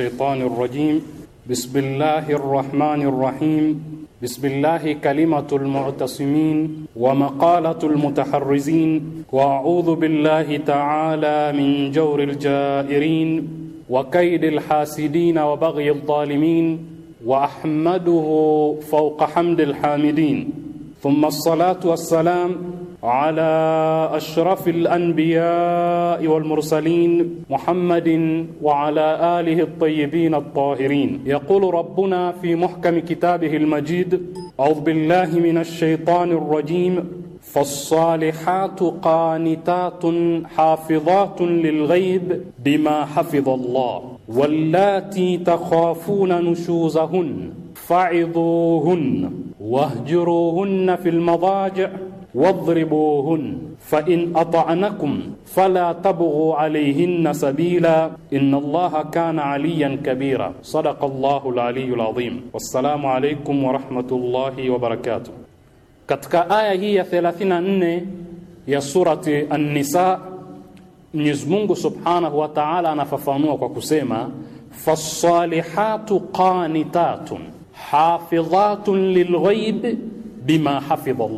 الشيطان الرجيم بسم الله الرحمن الرحيم بسم الله كلمة المعتصمين ومقالة المتحرزين وأعوذ بالله تعالى من جور الجائرين وكيد الحاسدين وبغي الظالمين وأحمده فوق حمد الحامدين ثم الصلاة والسلام على أشرف الأنبياء والمرسلين محمد وعلى آله الطيبين الطاهرين يقول ربنا في محكم كتابه المجيد أعوذ بالله من الشيطان الرجيم فالصالحات قانتات حافظات للغيب بما حفظ الله واللاتي تخافون نشوزهن فعظوهن واهجروهن في المضاجع wadribuhun fa in ata'nakum fala tabghu alayhinna sabila inna allaha kana aliyan kabira. Sadaqa Allahu al-aliyyul azim. Wassalamu alaykum wa rahmatullahi wa barakatuh. Katika aya hii ya 34 ya surati An-Nisa, Mwenyezi Mungu Subhanahu wa Ta'ala anafafanua kwa kusema fassalihatu qanitatun hafidhatun lilghaib bima hafidha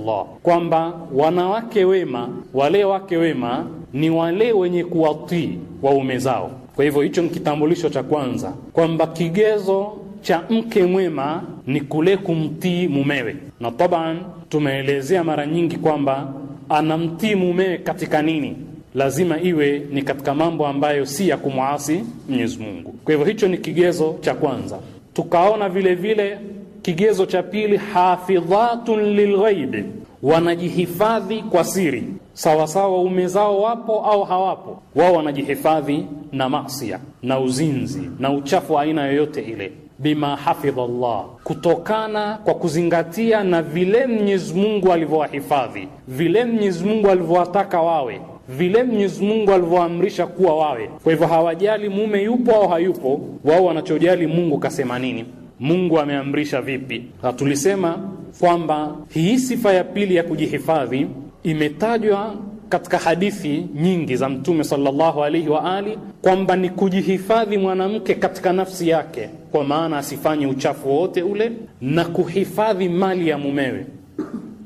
kwamba wanawake wema wale wake wema ni wale wenye kuwatii waume zao. Kwa hivyo hicho ni kitambulisho cha kwanza, kwamba kigezo cha mke mwema ni kule kumtii mumewe, na taban tumeelezea mara nyingi kwamba anamtii mumewe katika nini? Lazima iwe ni katika mambo ambayo si ya kumwasi Mwenyezi Mungu. Kwa hivyo hicho ni kigezo cha kwanza. Tukaona vile vile Kigezo cha pili, hafidhatun lilghaibi, wanajihifadhi kwa siri, sawasawa ume zao wapo au hawapo, wao wanajihifadhi na masia na uzinzi na uchafu wa aina yoyote ile bima hafidha Allah, kutokana kwa kuzingatia na vile Mwenyezi Mungu alivyowahifadhi, vile Mwenyezi Mungu alivyowataka wawe, vile Mwenyezi Mungu alivyoamrisha kuwa wawe. Kwa hivyo hawajali mume yupo au hayupo, wao wanachojali Mungu kasema nini. Mungu ameamrisha vipi? Na tulisema kwamba hii sifa ya pili ya kujihifadhi imetajwa katika hadithi nyingi za Mtume sallallahu alaihi wa ali kwamba ni kujihifadhi mwanamke katika nafsi yake, kwa maana asifanye uchafu wowote ule, na kuhifadhi mali ya mumewe,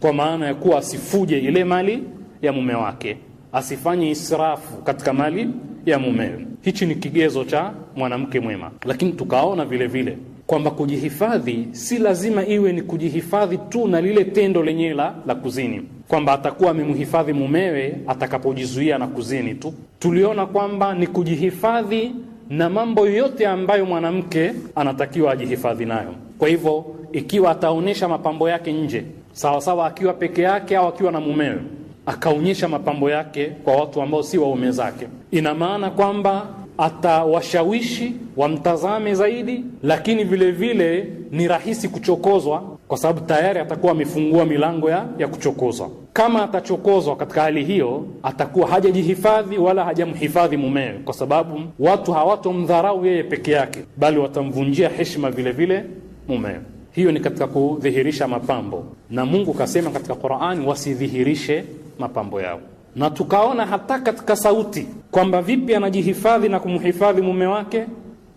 kwa maana ya kuwa asifuje ile mali ya mume wake, asifanye israfu katika mali ya mumewe. Hichi ni kigezo cha mwanamke mwema, lakini tukaona vile vile kwamba kujihifadhi si lazima iwe ni kujihifadhi tu na lile tendo lenyewe la, la kuzini, kwamba atakuwa amemhifadhi mumewe atakapojizuia na kuzini tu. Tuliona kwamba ni kujihifadhi na mambo yote ambayo mwanamke anatakiwa ajihifadhi nayo. Kwa hivyo, ikiwa ataonyesha mapambo yake nje, sawasawa sawa akiwa peke yake au akiwa na mumewe, akaonyesha mapambo yake kwa watu ambao si waume zake, ina maana kwamba atawashawishi wamtazame zaidi, lakini vile vile ni rahisi kuchokozwa, kwa sababu tayari atakuwa amefungua milango ya, ya kuchokozwa. Kama atachokozwa katika hali hiyo, atakuwa hajajihifadhi wala hajamhifadhi mumewe, kwa sababu watu hawatomdharau yeye peke yake, bali watamvunjia heshima vile vile mumewe. Hiyo ni katika kudhihirisha mapambo, na Mungu kasema katika Qur'ani, wasidhihirishe mapambo yao na tukaona hata katika sauti kwamba vipi anajihifadhi na kumhifadhi mume wake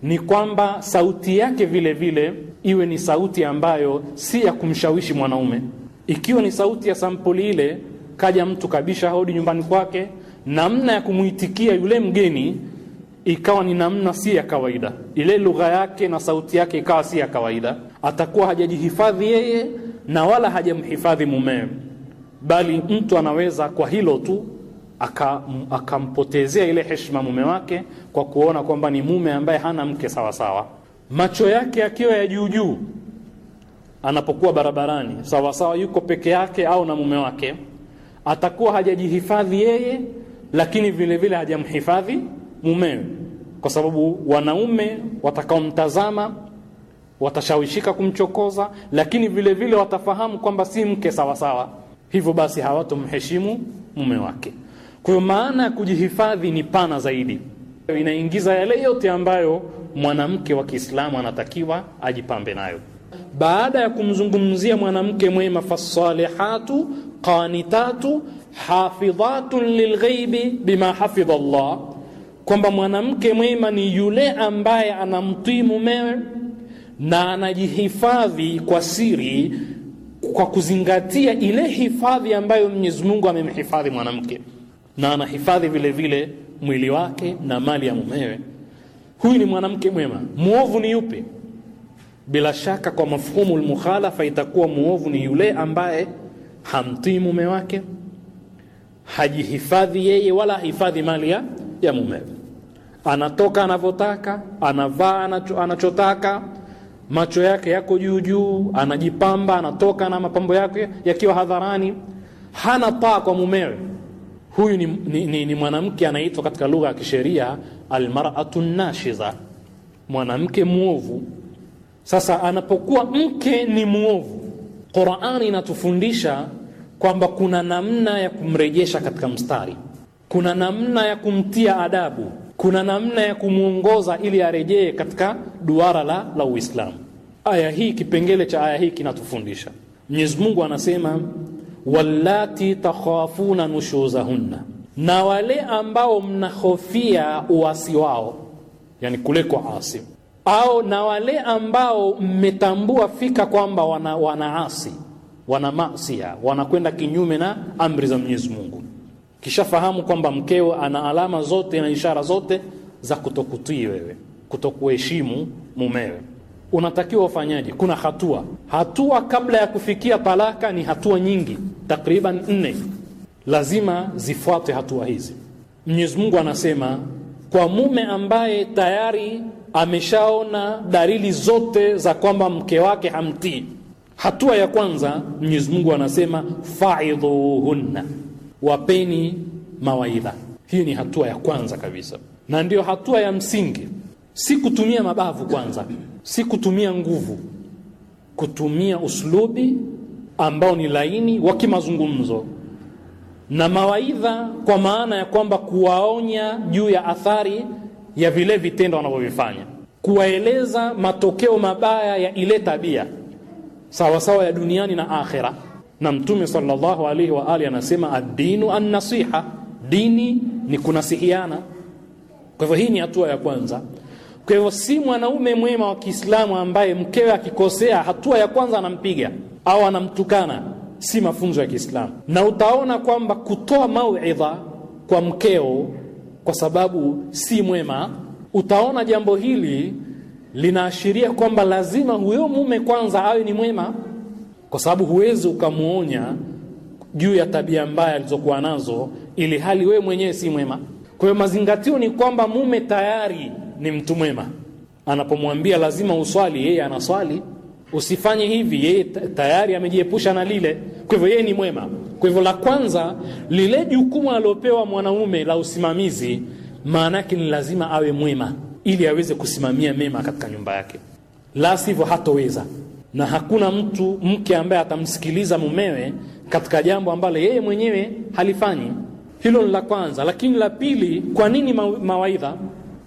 ni kwamba sauti yake vile vile iwe ni sauti ambayo si ya kumshawishi mwanaume. Ikiwa ni sauti ya sampuli ile, kaja mtu kabisa hodi nyumbani kwake, namna ya kumuitikia yule mgeni ikawa ni namna si ya kawaida, ile lugha yake na sauti yake ikawa si ya kawaida, atakuwa hajajihifadhi yeye na wala hajamhifadhi mumewe bali mtu anaweza kwa hilo tu akampotezea ile heshima mume wake kwa kuona kwamba ni mume ambaye hana mke sawa sawa. Macho yake akiwa ya juu juu anapokuwa barabarani, sawa sawa, yuko peke yake au na mume wake, atakuwa hajajihifadhi yeye, lakini vile vile hajamhifadhi mumewe, kwa sababu wanaume watakaomtazama watashawishika kumchokoza, lakini vile vile watafahamu kwamba si mke sawa sawa hivyo basi hawatomheshimu mume wake. Kwa hiyo maana ya kujihifadhi ni pana zaidi, inaingiza yale yote ambayo mwanamke wa Kiislamu anatakiwa ajipambe nayo. Baada ya kumzungumzia mwanamke mwema, fasalihatu qanitatu hafidhatun lilghaibi bima hafidha Allah, kwamba mwanamke mwema ni yule ambaye anamtii mumewe na anajihifadhi kwa siri kwa kuzingatia ile hifadhi ambayo Mwenyezi Mungu amemhifadhi mwanamke, na anahifadhi vile vile mwili wake na mali ya mumewe. Huyu ni mwanamke mwema. Muovu ni yupi? Bila shaka kwa mafhumu lmukhalafa, itakuwa muovu ni yule ambaye hamtii mume wake, hajihifadhi yeye, wala hifadhi mali ya mumewe, anatoka anavyotaka, anavaa anachotaka macho yake yako juu juu, anajipamba, anatoka na mapambo yake yakiwa hadharani, hana taa kwa mumewe. Huyu ni, ni, ni, ni mwanamke anaitwa katika lugha ya kisheria almar'atu nashiza mwanamke muovu. Sasa anapokuwa mke ni muovu, Qur'ani inatufundisha kwamba kuna namna ya kumrejesha katika mstari, kuna namna ya kumtia adabu kuna namna ya kumwongoza ili arejee katika duara la, la Uislamu. Aya hii kipengele cha aya hii kinatufundisha. Mwenyezi Mungu anasema wallati takhafuna nushuzahunna, na wale ambao mnahofia uasi wao, yani kule asi au na wale ambao mmetambua fika kwamba wanaasi wana, wana masia wanakwenda kinyume na amri za Mwenyezi Mungu Kishafahamu kwamba mkeo ana alama zote na ishara zote za kutokutii wewe, kutokuheshimu mumewe, unatakiwa ufanyaje? Kuna hatua hatua, kabla ya kufikia talaka ni hatua nyingi, takriban nne, lazima zifuate hatua hizi. Mwenyezi Mungu anasema kwa mume ambaye tayari ameshaona dalili zote za kwamba mke wake hamtii, hatua ya kwanza Mwenyezi Mungu anasema faidhuhunna wapeni mawaidha. Hiyo ni hatua ya kwanza kabisa, na ndiyo hatua ya msingi. Si kutumia mabavu kwanza, si kutumia nguvu, kutumia uslubi ambao ni laini wa kimazungumzo na mawaidha, kwa maana ya kwamba kuwaonya juu ya athari ya vile vitendo wanavyovifanya, kuwaeleza matokeo mabaya ya ile tabia, sawasawa ya duniani na akhera na Mtume sallallahu alaihi wa alihi anasema ad-dinu an-nasiha, dini ni kunasihiana. Kwa hivyo hii ni hatua ya kwanza. Kwa hivyo si mwanaume mwema wa Kiislamu ambaye mkewe akikosea, hatua ya kwanza anampiga au anamtukana, si mafunzo ya Kiislamu. Na utaona kwamba kutoa mauidha kwa mkeo kwa sababu si mwema, utaona jambo hili linaashiria kwamba lazima huyo mume kwanza awe ni mwema kwa sababu huwezi ukamwonya juu ya tabia mbaya alizokuwa nazo, ili hali wewe mwenyewe si mwema. Kwa hiyo mazingatio ni kwamba mume tayari ni mtu mwema, anapomwambia lazima uswali, yeye anaswali. Usifanye hivi, yeye tayari amejiepusha na lile, kwa hivyo yeye ni mwema. Kwa hivyo la kwanza, lile jukumu aliopewa mwanaume la usimamizi, maana yake ni lazima awe mwema ili aweze kusimamia mema katika nyumba yake, la sivyo hatoweza na hakuna mtu mke ambaye atamsikiliza mumewe katika jambo ambalo yeye mwenyewe halifanyi. Hilo ni la kwanza. Lakini la pili, kwa nini mawaidha?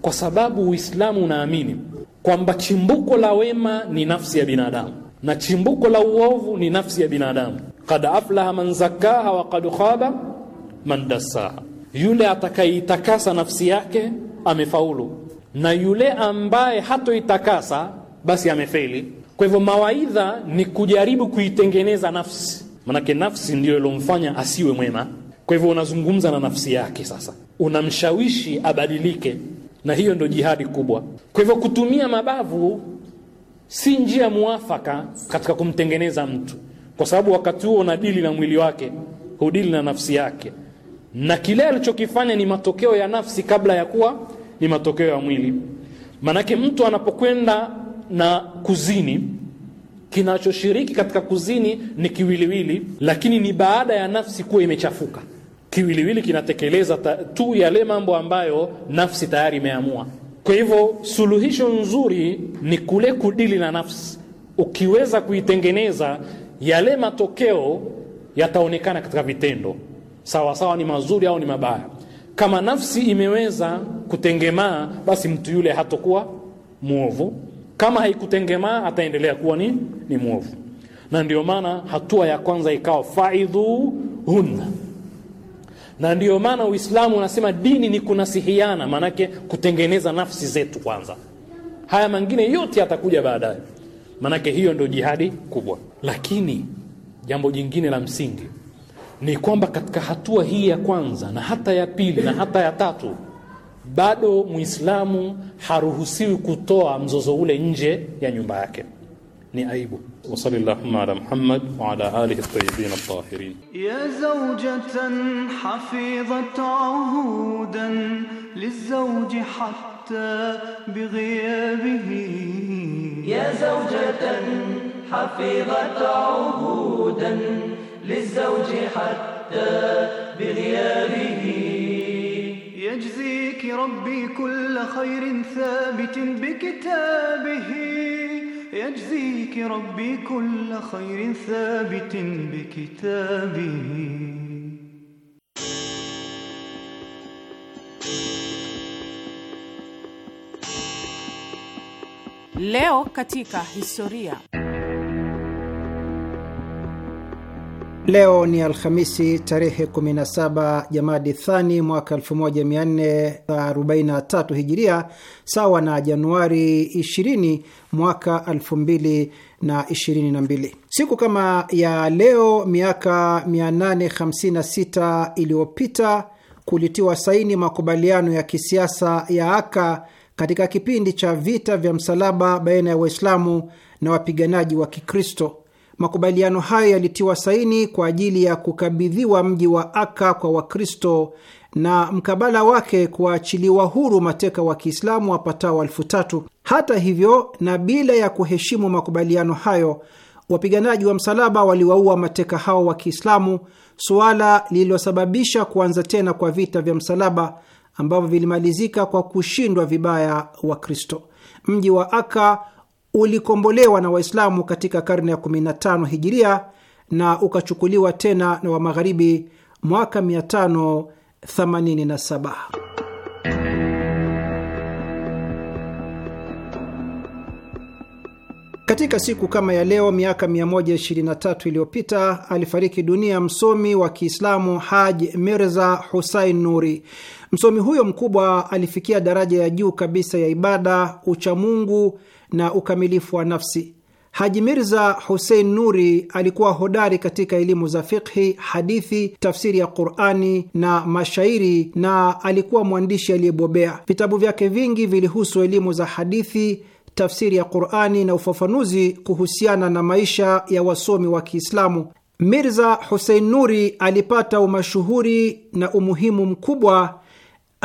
Kwa sababu Uislamu unaamini kwamba chimbuko la wema ni nafsi ya binadamu na chimbuko la uovu ni nafsi ya binadamu. Kad aflaha man zakaha wa kad khaba man dasaha yule atakayeitakasa nafsi yake amefaulu, na yule ambaye hatoitakasa basi amefeli. Kwa hivyo mawaidha ni kujaribu kuitengeneza nafsi, manake nafsi ndiyo ilomfanya asiwe mwema. Kwa hivyo unazungumza na nafsi yake, sasa unamshawishi abadilike, na hiyo ndo jihadi kubwa. Kwa hivyo kutumia mabavu si njia mwafaka katika kumtengeneza mtu, kwa sababu wakati huo unadili na mwili wake, hudili na nafsi yake, na kile alichokifanya ni matokeo ya nafsi kabla ya kuwa ni matokeo ya mwili. Manake mtu anapokwenda na kuzini, kinachoshiriki katika kuzini ni kiwiliwili, lakini ni baada ya nafsi kuwa imechafuka. Kiwiliwili kinatekeleza tu yale mambo ambayo nafsi tayari imeamua. Kwa hivyo suluhisho nzuri ni kule kudili na nafsi. Ukiweza kuitengeneza, yale matokeo yataonekana katika vitendo, sawa sawa, ni mazuri au ni mabaya. Kama nafsi imeweza kutengemaa, basi mtu yule hatokuwa mwovu, kama haikutengemaa ataendelea kuwa ni, ni mwovu. Na ndio maana hatua ya kwanza ikawa faidhu hunna, na ndio maana Uislamu unasema dini ni kunasihiana, maanake kutengeneza nafsi zetu kwanza. Haya mengine yote yatakuja baadaye, maanake hiyo ndio jihadi kubwa. Lakini jambo jingine la msingi ni kwamba katika hatua hii ya kwanza na hata ya pili na hata ya tatu bado muislamu haruhusiwi kutoa mzozo ule nje ya nyumba yake ni aibu وصلى اللهم على محمد وعلى آله الطيبين الطاهرين يا زوجة حفيظة عهودا للزوج حتى بغيابه يا زوجة حفيظة عهودا للزوج حتى بغيابه يجزي ربي كل خير ثابت بكتابه يجزيك ربي كل خير ثابت بكتابه Leo katika historia. Leo ni Alhamisi tarehe 17 Jamadi Thani mwaka 1443 Hijiria, sawa na Januari 20 mwaka 2022. Siku kama ya leo miaka 856 iliyopita kulitiwa saini makubaliano ya kisiasa ya Aka katika kipindi cha vita vya msalaba baina ya Waislamu na wapiganaji wa Kikristo. Makubaliano hayo yalitiwa saini kwa ajili ya kukabidhiwa mji wa Aka kwa Wakristo na mkabala wake kuachiliwa huru mateka wa Kiislamu wapatao elfu tatu. Hata hivyo, na bila ya kuheshimu makubaliano hayo, wapiganaji wa msalaba waliwaua mateka hao wa Kiislamu, suala lililosababisha kuanza tena kwa vita vya msalaba ambavyo vilimalizika kwa kushindwa vibaya Wakristo. Mji wa Aka ulikombolewa na Waislamu katika karne ya 15 hijiria na ukachukuliwa tena na wa magharibi mwaka 587. Katika siku kama ya leo miaka 123 iliyopita alifariki dunia msomi wa Kiislamu Haj Mirza Husain Nuri. Msomi huyo mkubwa alifikia daraja ya juu kabisa ya ibada, uchamungu na ukamilifu wa nafsi. Haji Mirza Husein Nuri alikuwa hodari katika elimu za fikhi, hadithi, tafsiri ya Qurani na mashairi, na alikuwa mwandishi aliyebobea. Vitabu vyake vingi vilihusu elimu za hadithi, tafsiri ya Qurani na ufafanuzi kuhusiana na maisha ya wasomi wa Kiislamu. Mirza Husein Nuri alipata umashuhuri na umuhimu mkubwa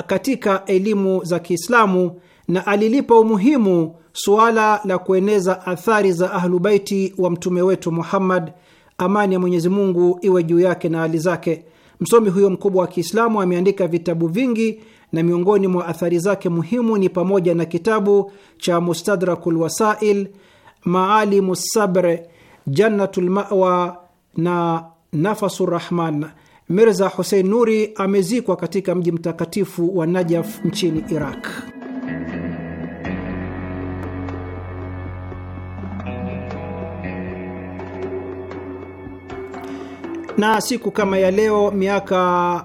katika elimu za Kiislamu na alilipa umuhimu suala la kueneza athari za Ahlubaiti wa mtume wetu Muhammad, amani ya Mwenyezi Mungu iwe juu yake na hali zake. Msomi huyo mkubwa wa Kiislamu ameandika vitabu vingi na miongoni mwa athari zake muhimu ni pamoja na kitabu cha Mustadrakul Wasail, Maalimu Sabre, Jannatul Mawa na Nafasu Rahman. Mirza Husein Nuri amezikwa katika mji mtakatifu wa Najaf nchini Iraq. Na siku kama ya leo miaka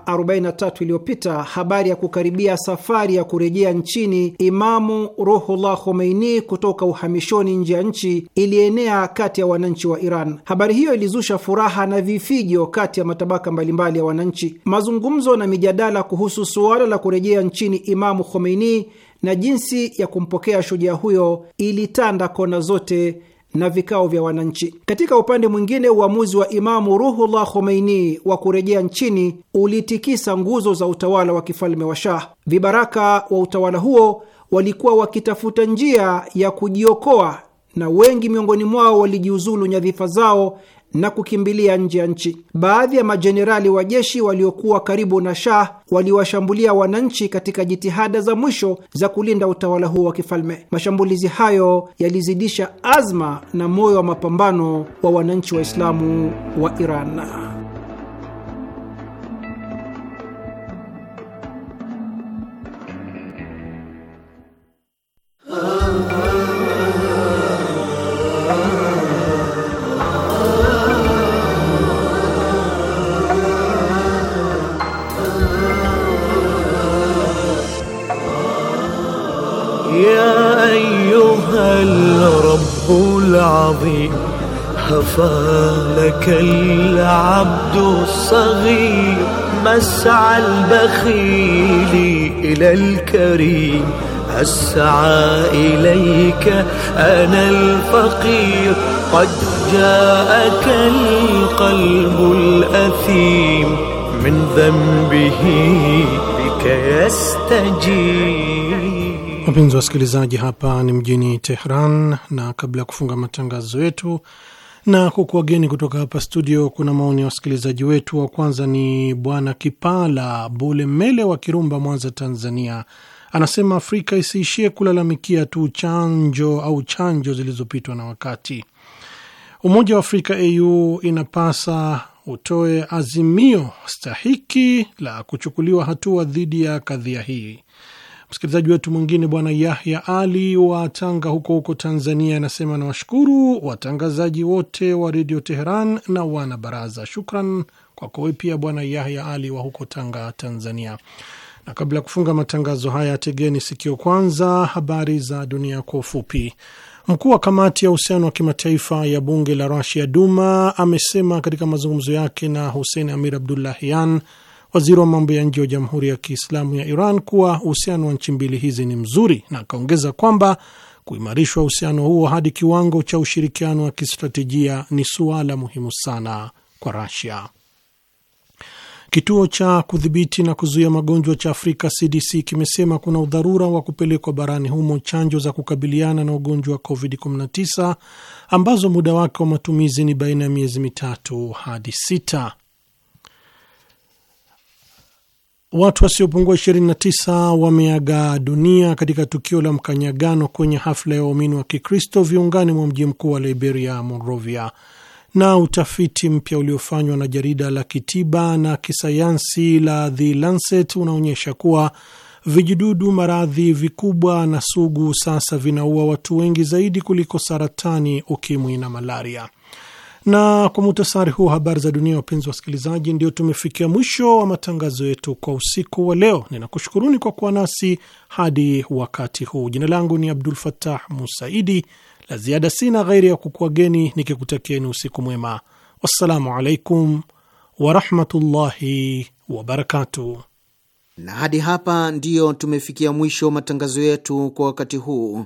43 iliyopita habari ya kukaribia safari ya kurejea nchini Imamu Ruhullah Khomeini kutoka uhamishoni nje ya nchi ilienea kati ya wananchi wa Iran. Habari hiyo ilizusha furaha na vifijo kati ya matabaka mbalimbali ya wananchi. Mazungumzo na mijadala kuhusu suala la kurejea nchini Imamu Khomeini na jinsi ya kumpokea shujaa huyo ilitanda kona zote na vikao vya wananchi. Katika upande mwingine, uamuzi wa Imamu Ruhullah Khomeini wa kurejea nchini ulitikisa nguzo za utawala wa kifalme wa Shah. Vibaraka wa utawala huo walikuwa wakitafuta njia ya kujiokoa na wengi miongoni mwao walijiuzulu nyadhifa zao na kukimbilia nje ya nchi. Baadhi ya majenerali wa jeshi waliokuwa karibu na Shah waliwashambulia wananchi katika jitihada za mwisho za kulinda utawala huo wa kifalme. Mashambulizi hayo yalizidisha azma na moyo wa mapambano wa wananchi Waislamu wa Iran. العظيم لك العبد الصغير مسعى البخيل إلى الكريم أسعى إليك أنا الفقير قد جاءك القلب الأثيم من ذنبه بك يستجيب Wapenzi wasikilizaji, hapa ni mjini Tehran, na kabla ya kufunga matangazo yetu na kukuwageni kutoka hapa studio, kuna maoni ya wasikilizaji wetu. Wa kwanza ni Bwana Kipala bule mele wa Kirumba, Mwanza, Tanzania. Anasema Afrika isiishie kulalamikia tu chanjo au chanjo zilizopitwa na wakati. Umoja wa Afrika au inapasa utoe azimio stahiki la kuchukuliwa hatua dhidi ya kadhia hii. Msikilizaji wetu mwingine Bwana Yahya Ali wa Tanga huko huko Tanzania anasema nawashukuru watangazaji wote wa redio Teheran na wana baraza. Shukran kwako wewe pia Bwana Yahya Ali wa huko Tanga, Tanzania. Na kabla ya kufunga matangazo haya, tegeni sikio kwanza habari za dunia kwa ufupi. Mkuu wa kamati ya uhusiano wa kimataifa ya bunge la Rasia Duma amesema katika mazungumzo yake na Hussein Amir Abdullahian waziri wa mambo ya nje wa Jamhuri ya Kiislamu ya Iran kuwa uhusiano wa nchi mbili hizi ni mzuri, na akaongeza kwamba kuimarishwa uhusiano huo hadi kiwango cha ushirikiano wa kistratejia ni suala muhimu sana kwa Rasia. Kituo cha kudhibiti na kuzuia magonjwa cha Afrika CDC kimesema kuna udharura wa kupelekwa barani humo chanjo za kukabiliana na ugonjwa wa COVID-19 ambazo muda wake wa matumizi ni baina ya miezi mitatu hadi sita. Watu wasiopungua 29 wameaga dunia katika tukio la mkanyagano kwenye hafla ya waumini wa Kikristo viungani mwa mji mkuu wa Liberia, Monrovia. Na utafiti mpya uliofanywa na jarida la kitiba na kisayansi la The Lancet unaonyesha kuwa vijidudu maradhi vikubwa na sugu sasa vinaua watu wengi zaidi kuliko saratani, ukimwi na malaria. Na kwa muhtasari huu habari za dunia, wapenzi wa wasikilizaji, ndio tumefikia mwisho wa matangazo yetu kwa usiku wa leo. Ninakushukuruni kwa kuwa nasi hadi wakati huu. Jina langu ni Abdul fatah Musaidi. La ziada sina ghairi ya kukuageni nikikutakieni usiku mwema. Wassalamu alaikum warahmatullahi wabarakatuh. Na hadi hapa ndiyo tumefikia mwisho matangazo yetu kwa wakati huu.